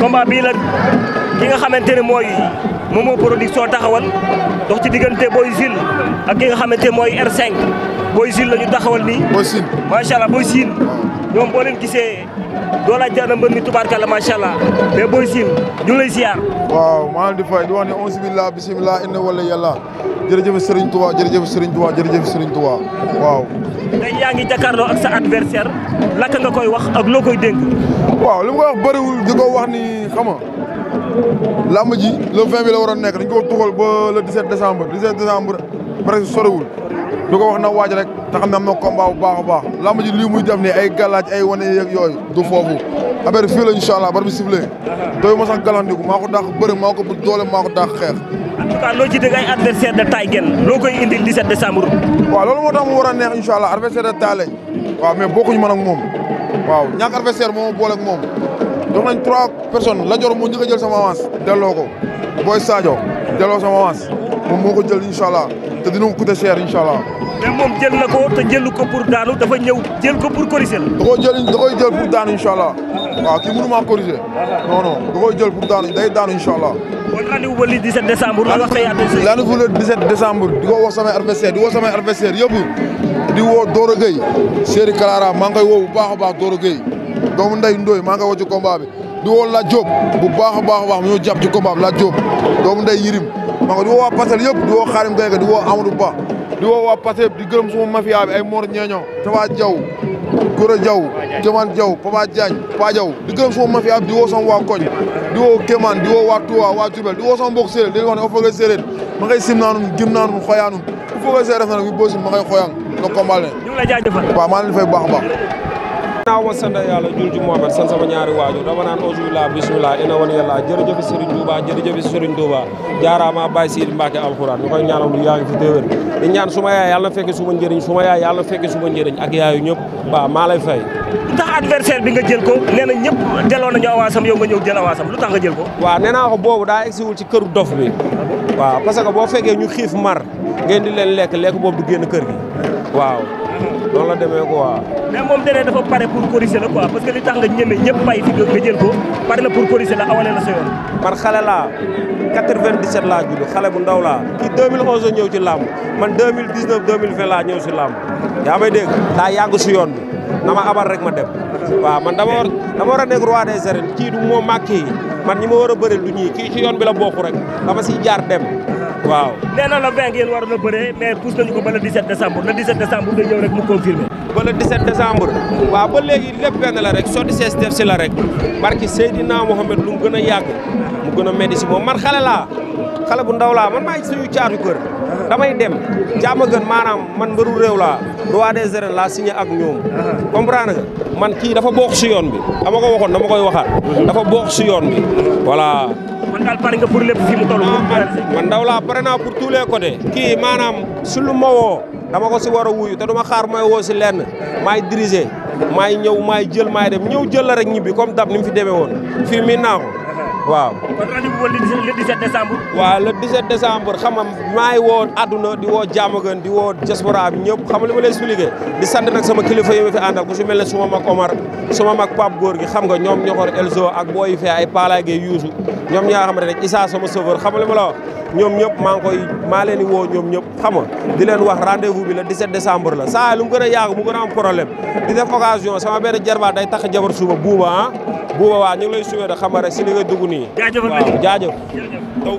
combat bii la ki nga xamante ne mooy Momo production taxawal dox ci diggante Boy Jules ak ki nga xamante ne mooy R5 Boy Jules la ñu taxawal nii. Boy Sine macha allah Boy Sine ñoom boo leen gisee doo laaj jaana mbër mi tubaarkalla macha allah mais Boy Sine ñu lay ziar. waaw maa ngi di fay di wax ne onze billah bisimilah inna wala yàlla jërëjëf Serigne Touba jërëjëf Serigne Touba jërëjëf Serigne Touba waaw. tey yaa ngi jàkkaarloo ak sa adversaire laka nga koy wax ak loo waaw li ma ko wax bëriwul wax ni xam nga làmb ji le 20 bi la waroon nekk dañ ko tuxal ba le 17 décembre 17 décembre presque soriwul di ko wax na waaj rek te xam ne am na combat bu baax a baax làmb ji lii muy def nii ay galaaj ay wane yeeg yooyu du foofu affaire fii la incha allah bar bi sifflé doyu ma sax galandiku maa ko dàq bëri maa ko doole maa ko dàq xeex en tout cas loo ci dégg ay adversaire de taille genn loo koy indil 17 décembre waaw loolu moo tax mu war a neex incha allah adversaire de taille man ak waaw ñàkk adversaire moo ma boole ak moom jox nañ trois personnes la jor moo njëkk a jël sama avance delloo ko booy Sadio delloo sama avance moom moo ko jël incha allah te dina ko coûter cher incha moom jël na ko te jëlu ko pour daanu dafa ñëw jël ko pour corriger la. da koy jël da koy jël pour daanu incha allah waaw kii mënu maa corriger. non jël pour daanu day daanu incha la wax tey adversaire. rendez-vous di ko wax samay adversaire di wax samay adversaire yëpp. di woo Doro Gueye Séri Kalara maa ngi woo bu baax baax Doro Gueye doomu nday Ndoye maa ngi koy woo ci combat bi di woo La Diop bu baax a baax a baax mu ñëw jàpp ci combat bi La Diop doomu nday Yirim maa di woo waa Parcelles yëpp di woo Xaarim Gaye di woo Amadou Ba di woo waa Parcelles di gërëm suma mafia bi ay Mor Ñeeño Tafa Diaw Gora Diaw Kéman Diaw Papa Diagne Pa Diaw di gërëm suma mafia bi di woo sama waa koñ di woo Kéman di woo waa Touba waa Diourbel di woo sama mbokk o ma ngay sim naanum o foogee séeréer nga combat leen. ñu ngi lay jaajëfal. waaw a baax. naaw ma sant yàlla jul ci Mohamed sant sama ñaari waajur dama naan aujoubila bismillah ina wan yàlla jërëjëf Serigne Touba jërëjëf Serigne Touba jaaraama alxuraan ñu koy ñaanal lu yaa fi téewér di ñaan suma yaay yàlla na fekke suma njëriñ suma yaay yàlla na fekke suma njëriñ ak yaayu ñëpp waaw maa fay lu tax adversaire bi nga jël ko nee na ñëpp delloo nañu awaasam yow nga ñëw jël awaasam lu tax nga jël ko waaw nee naa ko boobu daa egsiwul ci këru dof bi waaw boo fekkee ñu xiif mar ngeen di leen lekk lekk boobu du génn kër waaw loolu la demee quoi. mais moom dene dafa pare pour corriger la a parce que li tax nga ñeme ñëpp bay fi nga jël pare la pour corriger la awale la sa man xale laa 97 laa judd xale bu ndaw laa. kii 2011 la ñëw ci làmb man 2019 2020 laa ñëw si làmb yaa may dégg daa yàgg si yoon bi na ma abal rek ma dem. waaw man dama war a nekk roi des arènes kii du moo mag man ñi ma war a bëreel du ñii kii ci yoon bi bokku rek dama siy jaar dem waaw. nee na la 20 yéen war na bëree mais pousse nañu ko ba le 17 décembre le 17 décembre nga ñëw rek mu confirmé. ba le 17 décembre. waaw ba léegi lépp benn la rek sotti sees def si la rek barki Seydina Mohamed lu mu gën a yàgg mu gën a métti si moom man xale xale bu ndaw man maa ngi suñu caatu damay dem réew laa roi des arènes laa signé ak ñoom comprendre kii dafa bokk si yoon bi dama ko waxoon dama koy waxaat dafa bokk si yoon bi voilà. man daal pare pour lépp fi mu toll. Ah, man laa pare naa pour tous les côtés. kii maanaam su lu ma woo dama ko si war a wuyu te duma xaar may woo si lenn maay diriger maay ñëw maay jël maay dem ñëw jël la rek ñibbi comme dab ni mu fi demee woon fii mi waaw kon rendez-vous le 17 décembre. waaw le 17 décembre xam maay woo àdduna di woo Diamaguène di woo diaspora bi ñëpp xam nga li ma lay expliqué di sant nag sama kilifa yi ma fi àndal ku si mel ne suma mag Omar suma mag Pape góor gi xam nga ñoom ñoxor Elzo ak booy fee ay Palaye Gueye Youssou ñoom ñaa xam ne rek Issa sama sauveur xam nga li ma la ñoom ñëpp maa ngi koy maa leen di woo ñoom ñëpp xam nga di leen wax rendez-vous bi la 17 décembre la saa lu mu gën a yàgg mu gën a sama benn jarbaat day tax jabar suba buuba ah buuba waa ñu ngi lay suwee da xam nga rek si li nga dugg nii. jaajëf waaw jaajëf.